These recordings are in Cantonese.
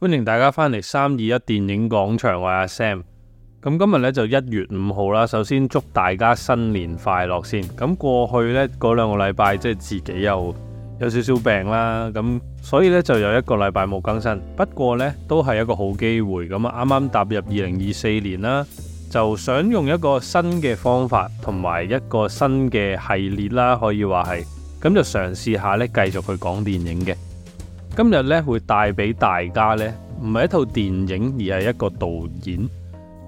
歡迎大家翻嚟三二一電影廣場，我係 Zam。咁今日咧就一月五號啦，首先祝大家新年快樂先。咁過去呢嗰兩個禮拜即係自己又有少少病啦，咁所以咧就有一個禮拜冇更新。不過呢都係一個好機會。咁啱啱踏入二零二四年啦，就想用一個新嘅方法同埋一個新嘅系列啦，可以話係咁就嘗試下咧繼續去講電影嘅。今日呢會帶俾大家呢，唔係一套電影，而係一個導演，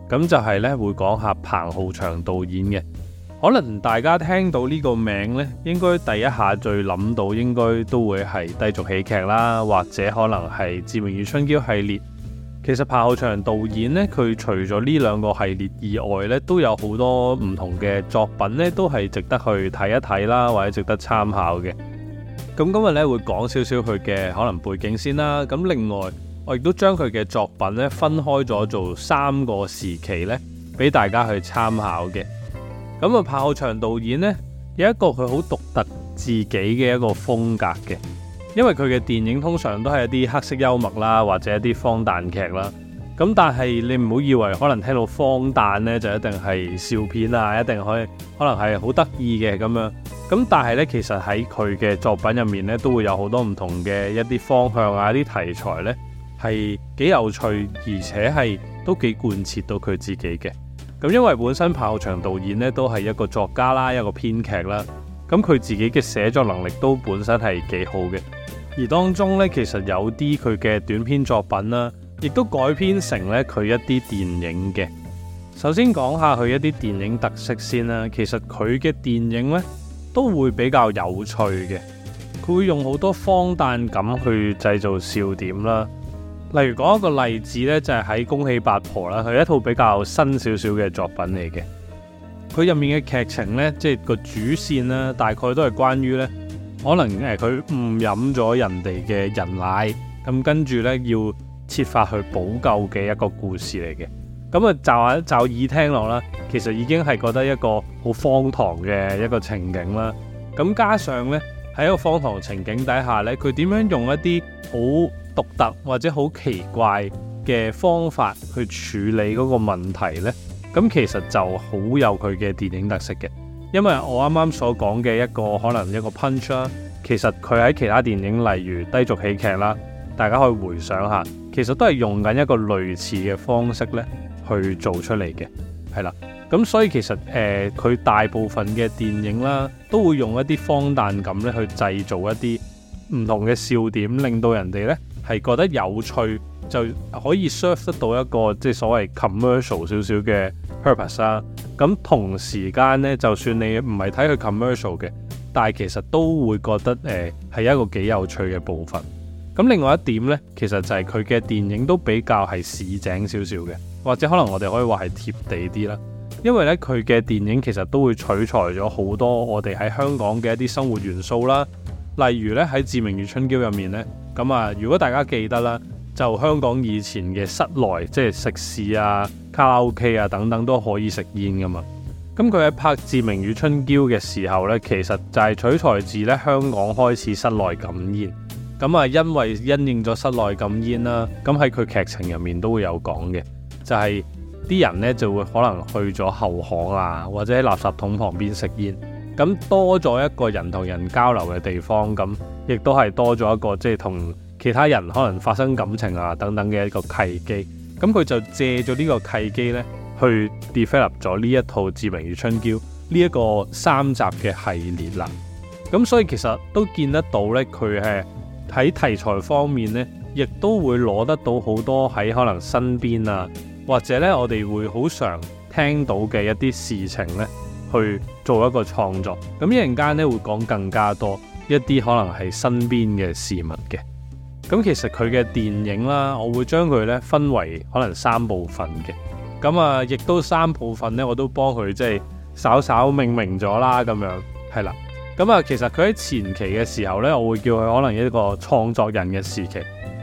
咁就係呢會講下彭浩翔導演嘅。可能大家聽到呢個名呢，應該第一下最諗到，應該都會係低俗喜劇啦，或者可能係《志明與春嬌》系列。其實彭浩翔導演呢，佢除咗呢兩個系列以外呢，都有好多唔同嘅作品呢，都係值得去睇一睇啦，或者值得參考嘅。咁今日咧會講少少佢嘅可能背景先啦。咁另外，我亦都將佢嘅作品咧分開咗做三個時期咧，俾大家去參考嘅。咁、嗯、啊，彭浩翔導演咧有一個佢好獨特自己嘅一個風格嘅，因為佢嘅電影通常都係一啲黑色幽默啦，或者一啲荒誕劇啦。咁但係你唔好以為可能聽到荒誕呢，就一定係笑片啊，一定可以可能係好得意嘅咁樣。咁但係呢，其實喺佢嘅作品入面呢，都會有好多唔同嘅一啲方向啊，一啲題材呢，係幾有趣，而且係都幾貫徹到佢自己嘅。咁因為本身彭浩翔導演呢，都係一個作家啦，一個編劇啦，咁佢自己嘅寫作能力都本身係幾好嘅。而當中呢，其實有啲佢嘅短篇作品啦。亦都改編成咧佢一啲電影嘅。首先講下佢一啲電影特色先啦、啊。其實佢嘅電影呢，都會比較有趣嘅。佢會用好多荒誕感去製造笑點啦。例如講一個例子呢，就係、是、喺《恭喜八婆》啦，佢一套比較新少少嘅作品嚟嘅。佢入面嘅劇情呢，即係個主線啦，大概都係關於呢，可能誒佢誤飲咗人哋嘅人奶，咁跟住呢，要，設法去補救嘅一個故事嚟嘅，咁啊，就啊就耳聽落啦，其實已經係覺得一個好荒唐嘅一個情景啦。咁加上呢，喺一個荒唐情景底下呢，佢點樣用一啲好獨特或者好奇怪嘅方法去處理嗰個問題呢？咁其實就好有佢嘅電影特色嘅。因為我啱啱所講嘅一個可能一個 punch 啊，其實佢喺其他電影，例如低俗喜劇啦，大家可以回想下。其實都係用緊一個類似嘅方式咧，去做出嚟嘅，係啦。咁所以其實誒，佢、呃、大部分嘅電影啦，都會用一啲荒誕感咧，去製造一啲唔同嘅笑點，令到人哋咧係覺得有趣，就可以 serve 得到一個即係所謂 commercial 少少嘅 purpose 啦。咁、啊、同時間咧，就算你唔係睇佢 commercial 嘅，但係其實都會覺得誒係、呃、一個幾有趣嘅部分。咁另外一點呢，其實就係佢嘅電影都比較係市井少少嘅，或者可能我哋可以話係貼地啲啦。因為呢，佢嘅電影其實都會取材咗好多我哋喺香港嘅一啲生活元素啦。例如呢，喺《志明與春嬌》入面呢。咁、嗯、啊，如果大家記得啦，就香港以前嘅室內即係食肆啊、卡拉 OK 啊等等都可以食煙噶嘛。咁佢喺拍《志明與春嬌》嘅時候呢，其實就係取材自呢香港開始室內禁煙。咁啊，因為因應咗室內禁煙啦，咁喺佢劇情入面都會有講嘅，就係啲人呢就會可能去咗後巷啊，或者喺垃圾桶旁邊食煙，咁多咗一個人同人交流嘅地方，咁亦都係多咗一個即係同其他人可能發生感情啊等等嘅一個契機。咁佢就借咗呢個契機呢去 develop 咗呢一套《志明與春嬌》呢一個三集嘅系列啦。咁所以其實都見得到呢，佢係。喺題材方面呢，亦都會攞得到好多喺可能身邊啊，或者呢，我哋會好常聽到嘅一啲事情呢去做一個創作。咁一陣間呢，會講更加多一啲可能係身邊嘅事物嘅。咁其實佢嘅電影啦，我會將佢呢分為可能三部分嘅。咁啊，亦都三部分呢，我都幫佢即係稍稍命名咗啦，咁樣，係啦。咁啊，其實佢喺前期嘅時候呢，我會叫佢可能一個創作人嘅時期，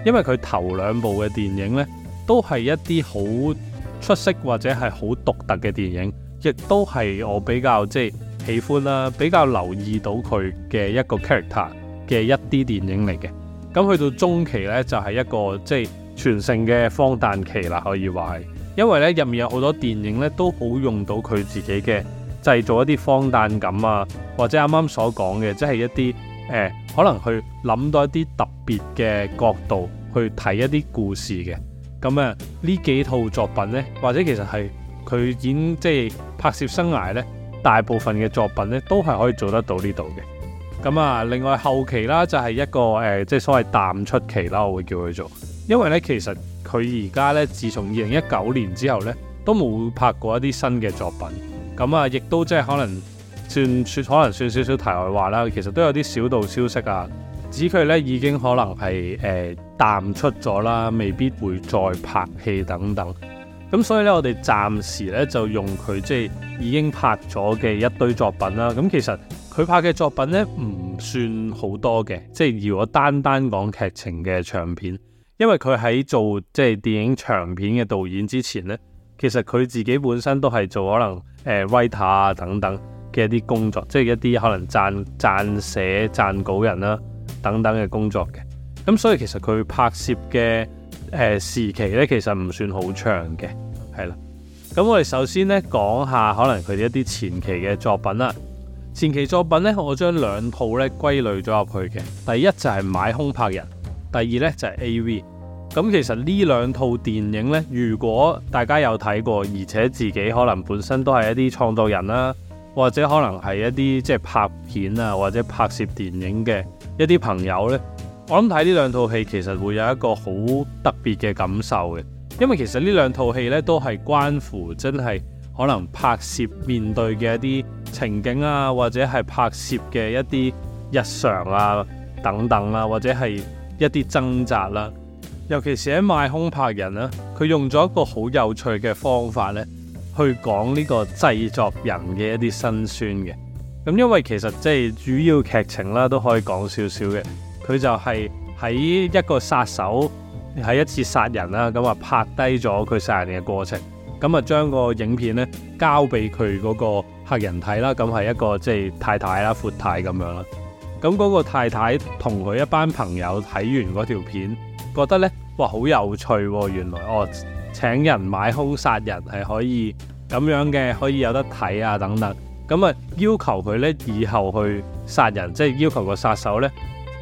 因為佢頭兩部嘅電影呢，都係一啲好出色或者係好獨特嘅電影，亦都係我比較即係喜歡啦，比較留意到佢嘅一個 character 嘅一啲電影嚟嘅。咁去到中期呢，就係一個即係全盛嘅荒誕期啦，可以話係，因為呢入面有好多電影呢，都好用到佢自己嘅。製造一啲荒誕感啊，或者啱啱所講嘅，即係一啲誒、呃，可能去諗到一啲特別嘅角度去睇一啲故事嘅。咁啊，呢幾套作品呢，或者其實係佢演，即係拍攝生涯呢，大部分嘅作品呢都係可以做得到呢度嘅。咁啊，另外後期啦，就係、是、一個誒、呃，即係所謂淡出期啦，我會叫佢做，因為呢，其實佢而家呢，自從二零一九年之後呢，都冇拍過一啲新嘅作品。咁啊，亦都即係可能算算，可能算少少題外話啦。其實都有啲小道消息啊，指佢咧已經可能係誒、呃、淡出咗啦，未必會再拍戲等等。咁所以咧，我哋暫時咧就用佢即係已經拍咗嘅一堆作品啦。咁其實，佢拍嘅作品咧唔算好多嘅，即係如果單單講劇情嘅長片，因為佢喺做即係電影長片嘅導演之前咧，其實佢自己本身都係做可能。誒 writer 等等嘅一啲工作，即係一啲可能撰、撰寫撰稿人啦、啊、等等嘅工作嘅。咁所以其實佢拍攝嘅誒時期咧，其實唔算好長嘅，係啦。咁我哋首先咧講下可能佢哋一啲前期嘅作品啦。前期作品咧，我將兩套咧歸類咗入去嘅。第一就係買兇拍人，第二咧就係、是、AV。咁其實呢兩套電影呢，如果大家有睇過，而且自己可能本身都係一啲創作人啦、啊，或者可能係一啲即係拍片啊，或者拍攝電影嘅一啲朋友呢，我諗睇呢兩套戲其實會有一個好特別嘅感受嘅，因為其實呢兩套戲呢都係關乎真係可能拍攝面對嘅一啲情景啊，或者係拍攝嘅一啲日常啊等等啦、啊，或者係一啲掙扎啦、啊。尤其是喺買兇拍人啦，佢用咗一個好有趣嘅方法咧，去講呢個製作人嘅一啲辛酸嘅。咁因為其實即係主要劇情啦，都可以講少少嘅。佢就係喺一個殺手喺一次殺人啦，咁啊拍低咗佢殺人嘅過程，咁啊將個影片咧交俾佢嗰個客人睇啦。咁係一個即係太太啦、闊太咁樣啦。咁嗰個太太同佢一班朋友睇完嗰條片，覺得咧。哇，好有趣喎、哦！原來哦，請人買兇殺人係可以咁樣嘅，可以有得睇啊等等。咁、嗯、啊，要求佢呢以後去殺人，即係要求個殺手呢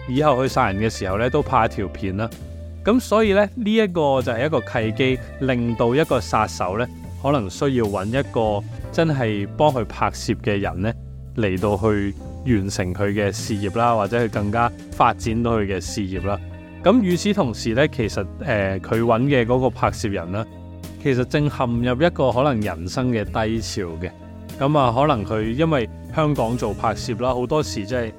以後去殺人嘅時候呢都拍條片啦。咁、嗯、所以呢，呢、呢、一個就係一個契機，令到一個殺手呢可能需要揾一個真係幫佢拍攝嘅人呢嚟到去完成佢嘅事業啦，或者去更加發展到佢嘅事業啦。咁與此同時呢，其實誒佢揾嘅嗰個拍攝人啦，其實正陷入一個可能人生嘅低潮嘅。咁啊，可能佢因為香港做拍攝啦，好多時即係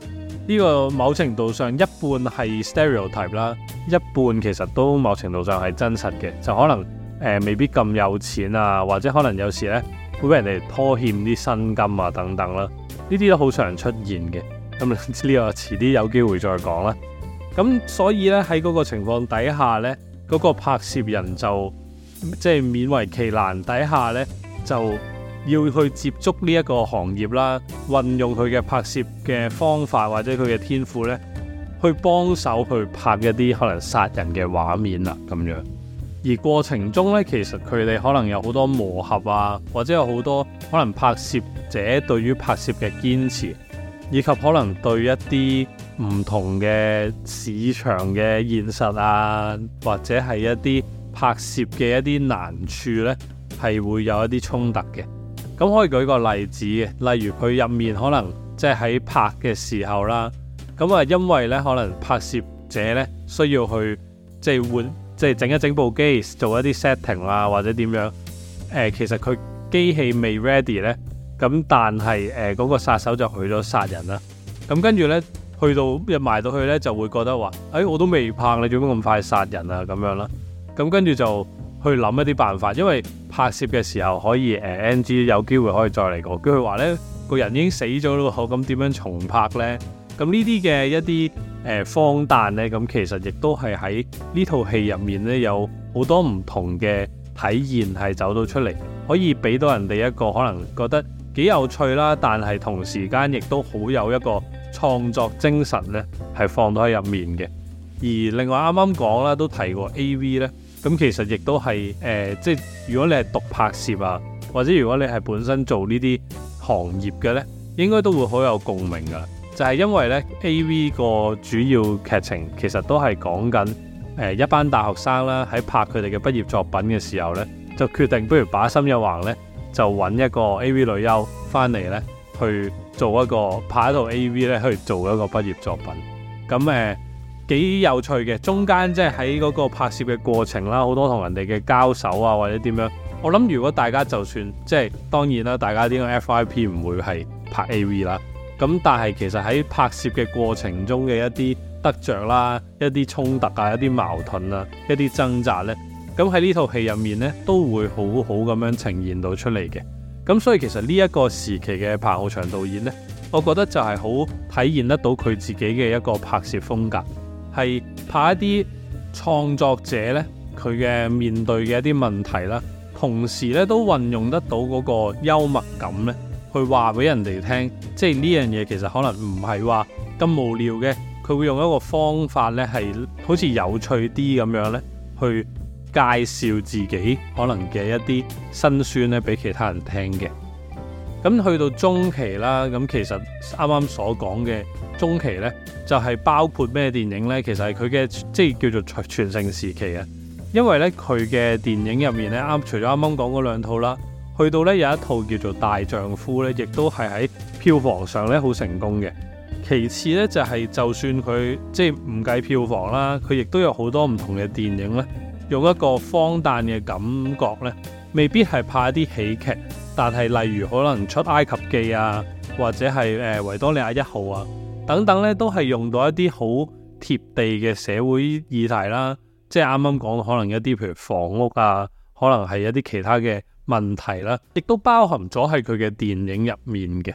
呢個某程度上一半係 stereotype 啦，一半其實都某程度上係真實嘅。就可能誒、呃、未必咁有錢啊，或者可能有時呢會俾人哋拖欠啲薪金啊等等啦、啊，呢啲都好常出現嘅。咁呢個遲啲有機會再講啦。咁所以咧喺嗰個情況底下呢，嗰個拍攝人就即係勉為其難底下呢，就要去接觸呢一個行業啦，運用佢嘅拍攝嘅方法或者佢嘅天賦呢，去幫手去拍一啲可能殺人嘅畫面啦咁樣。而過程中呢，其實佢哋可能有好多磨合啊，或者有好多可能拍攝者對於拍攝嘅堅持，以及可能對一啲。唔同嘅市場嘅現實啊，或者係一啲拍攝嘅一啲難處呢，係會有一啲衝突嘅。咁可以舉個例子，例如佢入面可能即係喺拍嘅時候啦，咁啊，因為呢，可能拍攝者呢需要去即係換即係整一整部機做一啲 setting 啦、啊，或者點樣？誒、呃，其實佢機器未 ready 呢，咁但係誒嗰個殺手就去咗殺人啦。咁跟住呢。去到又埋到去呢，就會覺得話，誒、哎，我都未拍，你做乜咁快殺人啊？咁樣啦，咁跟住就去諗一啲辦法。因為拍攝嘅時候可以誒、呃、NG，有機會可以再嚟過。跟住話呢個人已經死咗咯，好，咁點樣重拍呢？咁呢啲嘅一啲誒荒誕呢，咁其實亦都係喺呢套戲入面呢，有好多唔同嘅體驗係走到出嚟，可以俾到人哋一個可能覺得幾有趣啦，但係同時間亦都好有一個。創作精神咧係放到喺入面嘅，而另外啱啱講啦都提過 A.V. 咧，咁其實亦都係誒，即係如果你係讀拍攝啊，或者如果你係本身做呢啲行業嘅咧，應該都會好有共鳴噶。就係因為咧 A.V. 個主要劇情其實都係講緊誒一班大學生啦喺拍佢哋嘅畢業作品嘅時候咧，就決定不如把心一橫咧，就揾一個 A.V. 女優翻嚟咧。去做一個拍一套 AV 咧，去做一個畢業作品，咁誒幾有趣嘅。中間即係喺嗰個拍攝嘅過程啦，好多同人哋嘅交手啊，或者點樣。我諗如果大家就算即係當然啦，大家呢個 FYP 唔會係拍 AV 啦。咁但係其實喺拍攝嘅過程中嘅一啲得着啦，一啲衝突啊，一啲矛盾啊，一啲掙扎呢，咁喺呢套戲入面呢，都會好好咁樣呈現到出嚟嘅。咁所以其實呢一個時期嘅彭浩翔導演呢，我覺得就係好體現得到佢自己嘅一個拍攝風格，係拍一啲創作者呢，佢嘅面對嘅一啲問題啦，同時呢都運用得到嗰個幽默感呢，去話俾人哋聽，即係呢樣嘢其實可能唔係話咁無聊嘅，佢會用一個方法呢，係好似有趣啲咁樣呢去。介紹自己可能嘅一啲辛酸咧，俾其他人聽嘅。咁去到中期啦，咁其實啱啱所講嘅中期呢，就係包括咩電影呢？其實係佢嘅即係叫做全盛時期啊。因為呢，佢嘅電影入面呢，啱除咗啱啱講嗰兩套啦，去到呢有一套叫做大丈夫咧，亦都係喺票房上呢好成功嘅。其次呢，就係就算佢即係唔計票房啦，佢亦都有好多唔同嘅電影咧。用一個荒誕嘅感覺呢，未必係拍一啲喜劇，但係例如可能出《埃及記》啊，或者係誒、呃、《維多利亞一號》啊等等呢都係用到一啲好貼地嘅社會議題啦。即係啱啱講可能一啲譬如房屋啊，可能係一啲其他嘅問題啦，亦都包含咗喺佢嘅電影入面嘅。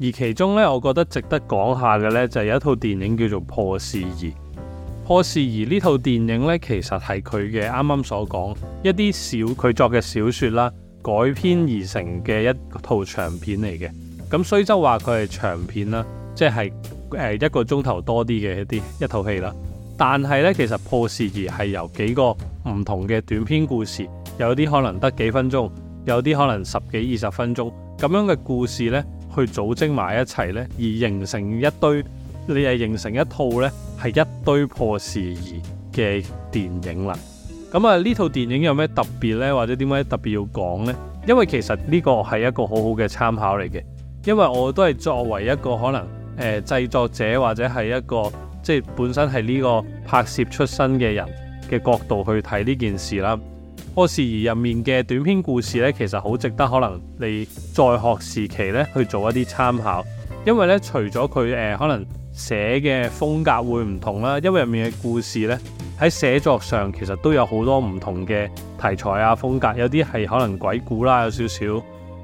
而其中呢，我覺得值得講下嘅呢，就係有一套電影叫做《破事兒》。《破事兒》呢套電影，剛剛電影呢，其實係佢嘅啱啱所講一啲小佢作嘅小說啦，改編而成嘅一套長片嚟嘅。咁雖則話佢係長片啦，即係一個鐘頭多啲嘅一啲一套戲啦。但係呢，其實《破事兒》係由幾個唔同嘅短篇故事，有啲可能得幾分鐘，有啲可能十幾、二十分鐘咁樣嘅故事呢，去組織埋一齊呢，而形成一堆，你係形成一套呢。係一堆破事兒嘅電影啦。咁啊，呢套電影有咩特別呢？或者點解特別要講呢？因為其實呢個係一個好好嘅參考嚟嘅。因為我都係作為一個可能誒、呃、製作者，或者係一個即係本身係呢個拍攝出身嘅人嘅角度去睇呢件事啦。破事兒入面嘅短篇故事呢，其實好值得可能你在學時期呢去做一啲參考。因為呢除咗佢誒可能。寫嘅風格會唔同啦，因為入面嘅故事呢，喺寫作上其實都有好多唔同嘅題材啊風格，有啲係可能鬼故啦，有少少，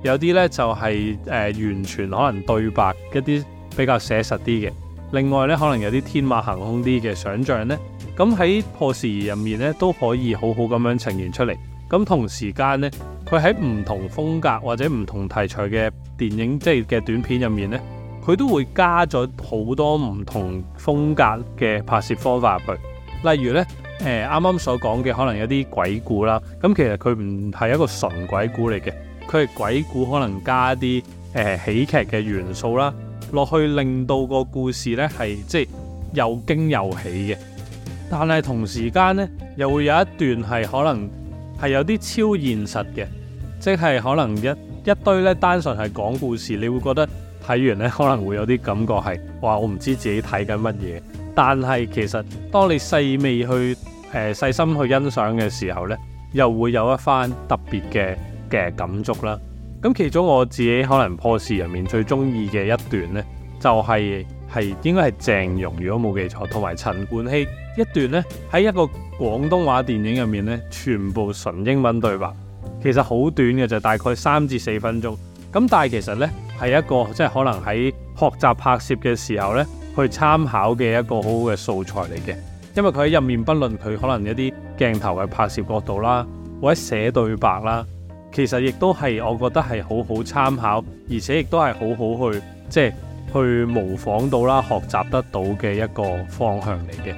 有啲呢就係、是、誒、呃、完全可能對白一啲比較寫實啲嘅。另外呢，可能有啲天馬行空啲嘅想象，呢，咁喺破時入面呢，都可以好好咁樣呈現出嚟。咁同時間呢，佢喺唔同風格或者唔同題材嘅電影，即係嘅短片入面呢。佢都會加咗好多唔同風格嘅拍攝方法入去，例如呢，誒啱啱所講嘅，可能有啲鬼故啦。咁其實佢唔係一個純鬼故嚟嘅，佢係鬼故可能加一啲誒、呃、喜劇嘅元素啦，落去令到個故事呢係即又驚又喜嘅。但係同時間呢，又會有一段係可能係有啲超現實嘅，即係可能一一堆呢，單純係講故事，你會覺得。睇完咧，可能會有啲感覺係，哇！我唔知自己睇緊乜嘢。但係其實，當你細微去誒、呃、細心去欣賞嘅時候呢，又會有一番特別嘅嘅感觸啦。咁、嗯、其中我自己可能破事入面最中意嘅一段呢，就係、係、係應該係鄭融，如果冇記錯，同埋陳冠希一段呢，喺一個廣東話電影入面呢，全部純英文對白，其實好短嘅，就大概三至四分鐘。咁但係其實呢。係一個即係可能喺學習拍攝嘅時候呢，去參考嘅一個好好嘅素材嚟嘅。因為佢喺入面不論佢可能一啲鏡頭嘅拍攝角度啦，或者寫對白啦，其實亦都係我覺得係好好參考，而且亦都係好好去即係、就是、去模仿到啦，學習得到嘅一個方向嚟嘅。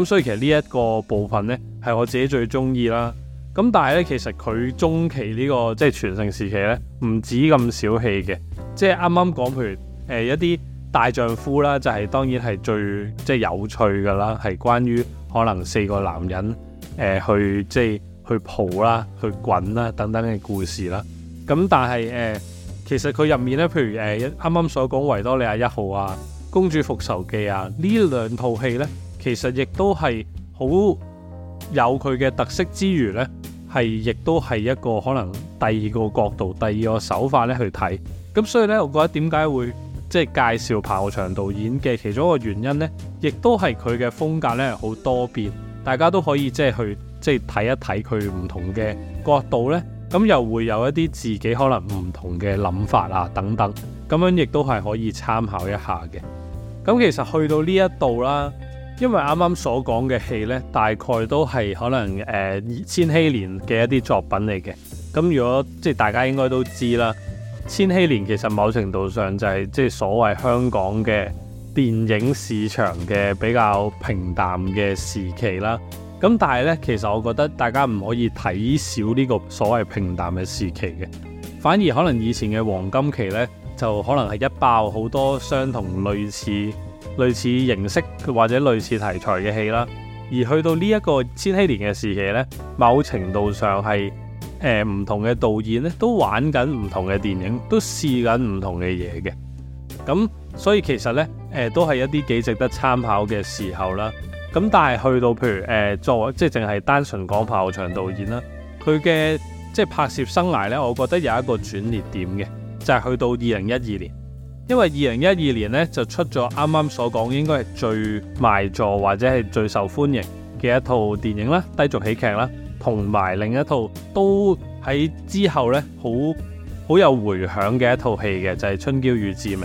咁所以其實呢一個部分呢，係我自己最中意啦。咁但係呢，其實佢中期呢、這個即係全盛時期呢，唔止咁小氣嘅。即係啱啱講，譬如誒、呃，一啲大丈夫啦，就係、是、當然係最即係有趣㗎啦，係關於可能四個男人誒、呃、去即係去抱啦、去滾啦等等嘅故事啦。咁但係誒、呃，其實佢入面咧，譬如誒啱啱所講維多利亞一號啊、公主復仇記啊兩呢兩套戲咧，其實亦都係好有佢嘅特色之餘咧，係亦都係一個可能第二個角度、第二個手法咧去睇。咁所以咧，我覺得點解會即係介紹彭浩翔導演嘅其中一個原因呢，亦都係佢嘅風格咧好多變，大家都可以即係去即係睇一睇佢唔同嘅角度呢，咁又會有一啲自己可能唔同嘅諗法啊等等，咁樣亦都係可以參考一下嘅。咁其實去到呢一度啦，因為啱啱所講嘅戲呢，大概都係可能二、呃、千禧年嘅一啲作品嚟嘅。咁如果即係大家應該都知啦。千禧年其實某程度上就係即係所謂香港嘅電影市場嘅比較平淡嘅時期啦。咁但係呢，其實我覺得大家唔可以睇少呢個所謂平淡嘅時期嘅，反而可能以前嘅黃金期呢，就可能係一爆好多相同類似類似形式或者類似題材嘅戲啦。而去到呢一個千禧年嘅時期呢，某程度上係。誒，唔、呃、同嘅導演咧，都玩緊唔同嘅電影，都試緊唔同嘅嘢嘅。咁、嗯、所以其實呢，誒、呃，都係一啲幾值得參考嘅時候啦。咁、嗯、但係去到譬如誒、呃，作為即係淨係單純講彭浩翔導演啦，佢嘅即係拍攝生涯呢，我覺得有一個轉捩點嘅，就係、是、去到二零一二年，因為二零一二年呢，就出咗啱啱所講應該係最賣座或者係最受歡迎嘅一套電影啦，低俗喜劇啦。同埋另一套都喺之後呢，好好有回響嘅一套戲嘅就係《春嬌與志明》。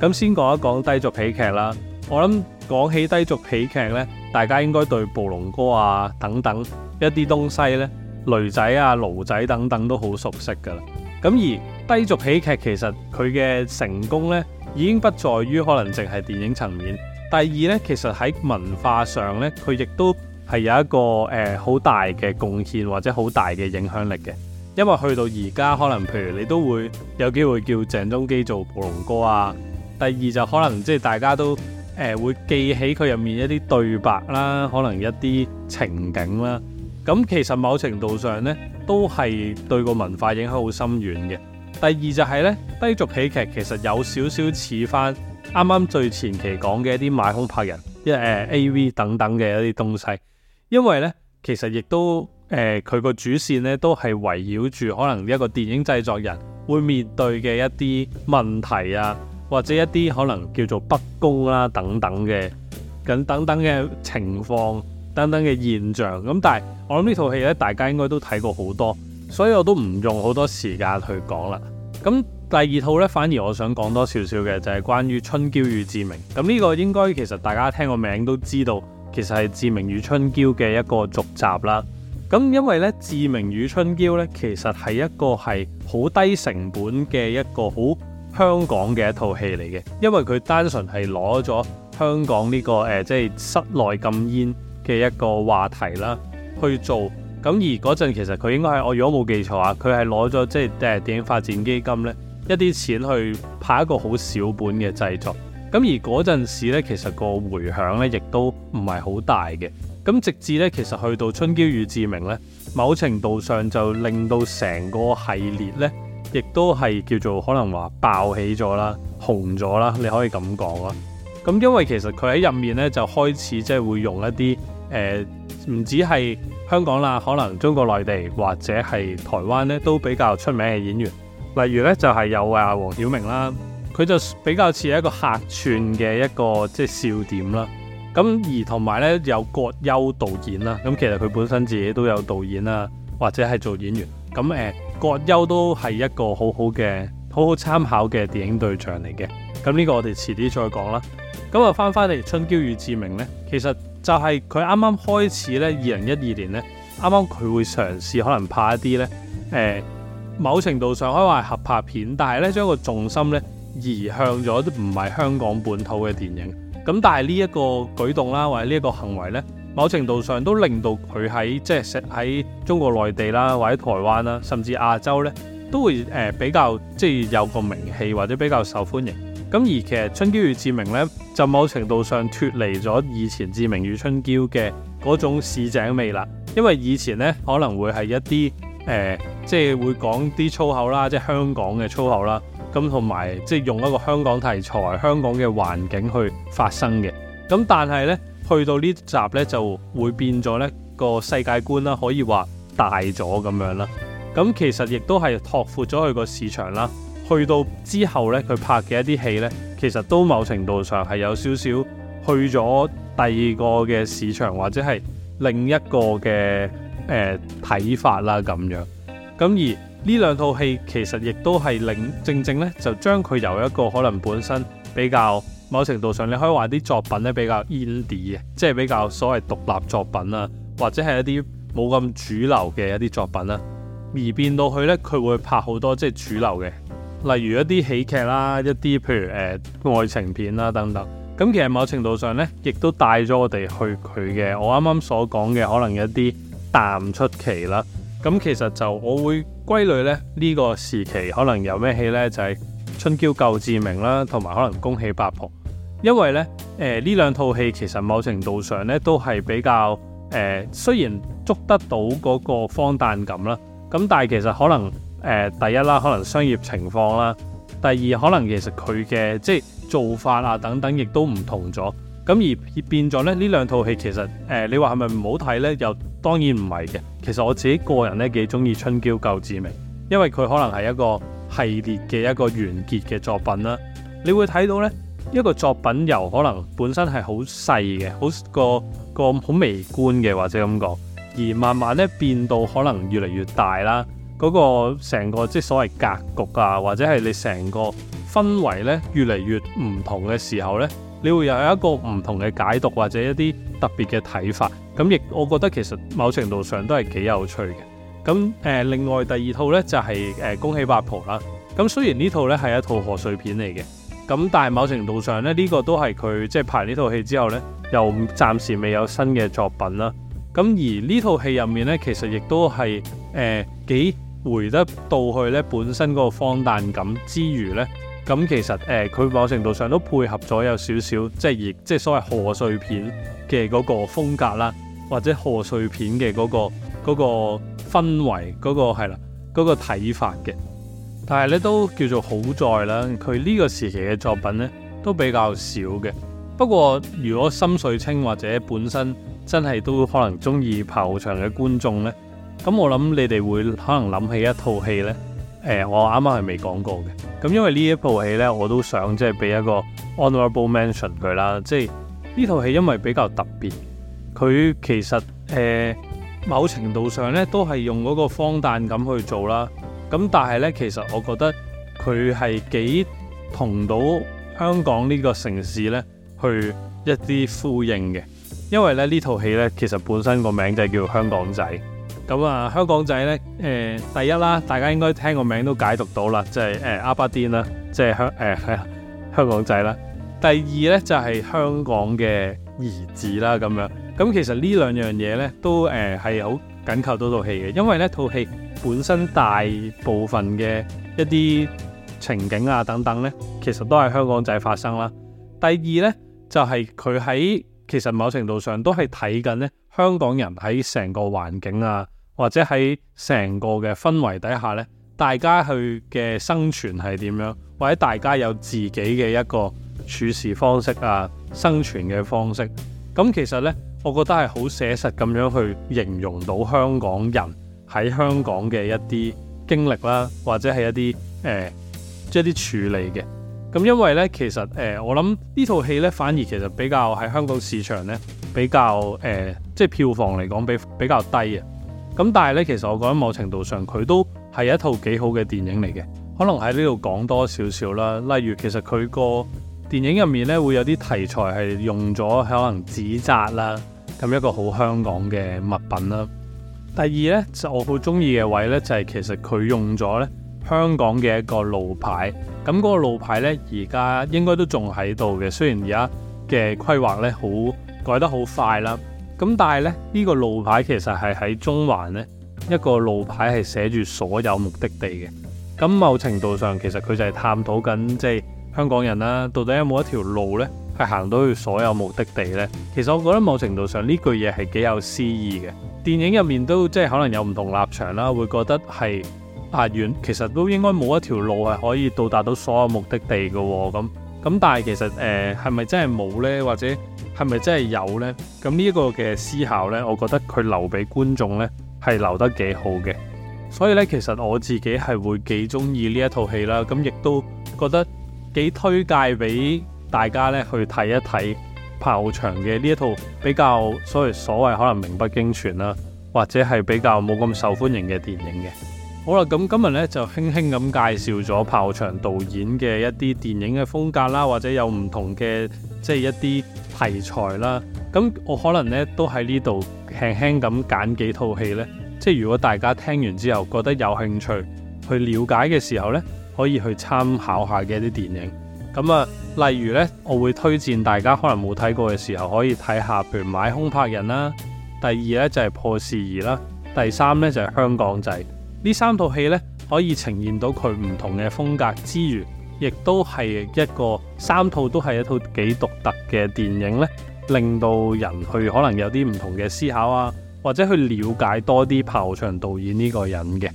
咁先講一講低俗喜劇啦。我諗講起低俗喜劇呢，大家應該對暴龍哥啊等等一啲東西呢、雷仔啊、騾仔等等都好熟悉噶啦。咁而低俗喜劇其實佢嘅成功呢，已經不在於可能淨係電影層面。第二呢，其實喺文化上呢，佢亦都。係有一個誒好、呃、大嘅貢獻或者好大嘅影響力嘅，因為去到而家可能譬如你都會有機會叫鄭中基做暴龍哥啊。第二就可能即係大家都誒、呃、會記起佢入面一啲對白啦，可能一啲情景啦。咁、嗯、其實某程度上呢，都係對個文化影響好深遠嘅。第二就係呢，低俗喜劇其實有少少似翻啱啱最前期講嘅一啲買空拍人因為誒、呃、A V 等等嘅一啲東西。因為咧，其實亦都誒，佢、呃、個主線咧都係圍繞住可能呢一個電影製作人會面對嘅一啲問題啊，或者一啲可能叫做不公啦、啊、等等嘅咁等等嘅情況，等等嘅現象。咁但係我諗呢套戲咧，大家應該都睇過好多，所以我都唔用好多時間去講啦。咁第二套咧，反而我想講多少少嘅就係、是、關於春嬌與志明。咁呢個應該其實大家聽個名都知道。其實係《志明與春嬌》嘅一個續集啦。咁因為咧，《志明與春嬌》呢，其實係一個係好低成本嘅一個好香港嘅一套戲嚟嘅，因為佢單純係攞咗香港呢、這個誒、呃，即係室內禁煙嘅一個話題啦去做。咁而嗰陣其實佢應該係我如果冇記錯啊，佢係攞咗即係誒電影發展基金呢，一啲錢去拍一個好小本嘅製作。咁而嗰陣時呢，其實個回響呢亦都唔係好大嘅。咁直至呢，其實去到《春嬌與志明》呢，某程度上就令到成個系列呢，亦都係叫做可能話爆起咗啦、紅咗啦，你可以咁講啦。咁因為其實佢喺入面呢，就開始即係會用一啲誒，唔止係香港啦，可能中國內地或者係台灣呢，都比較出名嘅演員。例如呢，就係有啊黃曉明啦。佢就比較似一個客串嘅一個即係笑點啦，咁而同埋呢，有葛優導演啦，咁其實佢本身自己都有導演啦，或者係做演員，咁誒、呃、葛優都係一個好好嘅好好參考嘅電影對象嚟嘅，咁呢個我哋遲啲再講啦，咁啊翻返嚟春嬌與志明呢，其實就係佢啱啱開始呢，二零一二年呢，啱啱佢會嘗試可能拍一啲呢誒、呃、某程度上可以話係合拍片，但係呢，將個重心呢，移向咗唔係香港本土嘅電影，咁但係呢一個舉動啦，或者呢一個行為呢，某程度上都令到佢喺即係喺中國內地啦，或者台灣啦，甚至亞洲呢，都會誒、呃、比較即係有個名氣或者比較受歡迎。咁而其實春嬌與志明呢，就某程度上脫離咗以前志明與春嬌嘅嗰種市井味啦，因為以前呢可能會係一啲誒、呃、即係會講啲粗口啦，即係香港嘅粗口啦。咁同埋，即係用一個香港題材、香港嘅環境去發生嘅。咁但係咧，去到呢集咧，就會變咗咧個世界觀啦，可以話大咗咁樣啦。咁其實亦都係拓闊咗佢個市場啦。去到之後咧，佢拍嘅一啲戲咧，其實都某程度上係有少少去咗第二個嘅市場，或者係另一個嘅誒睇法啦咁樣。咁而呢兩套戲其實亦都係令正正咧，就將佢由一個可能本身比較某程度上你可以話啲作品咧比較 indie 嘅，即係比較所謂獨立作品啦，或者係一啲冇咁主流嘅一啲作品啦，而變到去咧，佢會拍好多即係主流嘅，例如一啲喜劇啦，一啲譬如誒、呃、愛情片啦等等。咁其實某程度上咧，亦都帶咗我哋去佢嘅我啱啱所講嘅可能一啲淡出期啦。咁其實就我會歸類咧，呢、這個時期可能有咩戲呢？就係、是《春嬌救志明》啦，同埋可能《恭喜八婆》，因為咧，誒呢兩套戲其實某程度上咧都係比較誒、呃，雖然捉得到嗰個荒誕感啦，咁但係其實可能誒、呃、第一啦，可能商業情況啦，第二可能其實佢嘅即係做法啊等等，亦都唔同咗。咁而而變咗咧，呢兩套戲其實誒、呃，你話係咪唔好睇呢？又當然唔係嘅，其實我自己個人咧幾中意《春嬌救志明》，因為佢可能係一個系列嘅一個完結嘅作品啦。你會睇到呢一個作品由可能本身係好細嘅，好個個好微觀嘅或者咁講，而慢慢咧變到可能越嚟越大啦。嗰、嗰個成個即所謂格局啊，或者係你成個氛圍呢，越嚟越唔同嘅時候呢。你會有一個唔同嘅解讀，或者一啲特別嘅睇法。咁亦我覺得其實某程度上都係幾有趣嘅。咁誒、呃，另外第二套呢，就係、是、誒、呃《恭喜八婆》啦。咁雖然呢套呢係一套賀歲片嚟嘅，咁但係某程度上呢，呢、這個都係佢即係拍呢套戲之後呢，又暫時未有新嘅作品啦。咁而呢套戲入面呢，其實亦都係誒幾回得到去呢本身嗰個荒誕感之餘呢。咁其實誒，佢、呃、某程度上都配合咗有少少，即係亦即係所謂賀歲片嘅嗰個風格啦，或者賀歲片嘅嗰、嗰個嗰個氛圍，嗰、嗰個係啦，嗰、嗰個睇法嘅。但係咧都叫做好在啦，佢呢個時期嘅作品咧都比較少嘅。不過如果心水清或者本身真係都可能鍾意炮場嘅觀眾咧，咁我諗你哋會可能諗起一套戲咧。誒、呃，我啱啱係未講過嘅，咁因為呢一部戲呢，我都想即係俾一個 honorable mention 佢啦，即係呢套戲因為比較特別，佢其實誒、呃、某程度上呢都係用嗰個荒誕感去做啦，咁但係呢，其實我覺得佢係幾同到香港呢個城市呢去一啲呼應嘅，因為呢呢套戲呢，其實本身個名就係叫香港仔。咁啊、嗯，香港仔咧，誒、呃、第一啦，大家應該聽個名都解讀到啦、就是呃，即係誒阿巴甸啦，即係香誒係香港仔啦。第二咧就係、是、香港嘅兒子啦，咁樣。咁、嗯、其實呢兩樣嘢咧都誒係好緊扣到套戲嘅，因為呢套戲本身大部分嘅一啲情景啊等等咧，其實都係香港仔發生啦。第二咧就係佢喺其實某程度上都係睇緊咧。香港人喺成個環境啊，或者喺成個嘅氛圍底下呢，大家去嘅生存係點樣，或者大家有自己嘅一個處事方式啊，生存嘅方式。咁其實呢，我覺得係好寫實咁樣去形容到香港人喺香港嘅一啲經歷啦，或者係一啲誒，即係一啲處理嘅。咁因為呢，其實誒、呃，我諗呢套戲呢，反而其實比較喺香港市場呢，比較誒、呃，即係票房嚟講比比較低嘅。咁但係呢，其實我覺得某程度上，佢都係一套幾好嘅電影嚟嘅。可能喺呢度講多少少啦。例如，其實佢個電影入面呢，會有啲題材係用咗可能紙紮啦咁一個好香港嘅物品啦。第二呢，就我好中意嘅位呢，就係、就是、其實佢用咗呢。香港嘅一個路牌，咁嗰個路牌呢，而家應該都仲喺度嘅。雖然而家嘅規劃呢，好改得好快啦。咁但係呢，呢、呢個路牌其實係喺中環呢一個路牌係寫住所有目的地嘅。咁某程度上，其實佢就係探討緊，即係香港人啦、啊，到底有冇一條路呢，係行到去所有目的地呢？其實我覺得某程度上呢句嘢係幾有詩意嘅。電影入面都即係可能有唔同立場啦，會覺得係。怕遠，其實都應該冇一條路係可以到達到所有目的地噶、哦。咁咁，但係其實誒，呃、係咪真係冇呢？或者係咪真係有呢？咁呢一個嘅思考呢，我覺得佢留俾觀眾呢係留得幾好嘅。所以呢，其實我自己係會幾中意呢一套戲啦。咁亦都覺得幾推介俾大家呢去睇一睇炮場嘅呢一套比較所謂所謂可能名不經傳啦，或者係比較冇咁受歡迎嘅電影嘅。好啦，咁今日咧就輕輕咁介紹咗彭浩翔導演嘅一啲電影嘅風格啦，或者有唔同嘅即係一啲題材啦。咁我可能咧都喺呢度輕輕咁揀幾套戲呢。即係如果大家聽完之後覺得有興趣去了解嘅時候呢，可以去參考下嘅一啲電影。咁啊，例如呢，我會推薦大家可能冇睇過嘅時候可以睇下，譬如買兇拍人啦。第二呢，就係、是、破事兒啦。第三呢，就係、是、香港仔。三呢，三套戲呢，可以呈現到佢唔同嘅風格之餘，亦都係一個三套都係一套幾獨特嘅電影呢，令到人去可能有啲唔同嘅思考啊，或者去了解多啲彭浩翔導演呢個人嘅，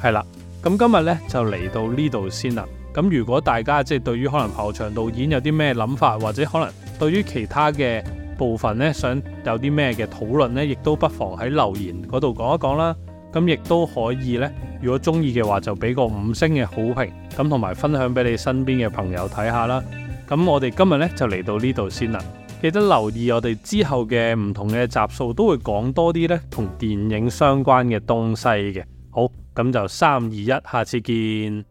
係啦。咁今日呢就嚟到呢度先啦。咁如果大家即係對於可能彭浩翔導演有啲咩諗法，或者可能對於其他嘅部分呢想有啲咩嘅討論呢，亦都不妨喺留言嗰度講一講啦。咁亦都可以呢。如果中意嘅話就俾個五星嘅好評，咁同埋分享俾你身邊嘅朋友睇下啦。咁我哋今日呢，就嚟到呢度先啦，記得留意我哋之後嘅唔同嘅集數，都會講多啲呢同電影相關嘅東西嘅。好，咁就三二一，下次見。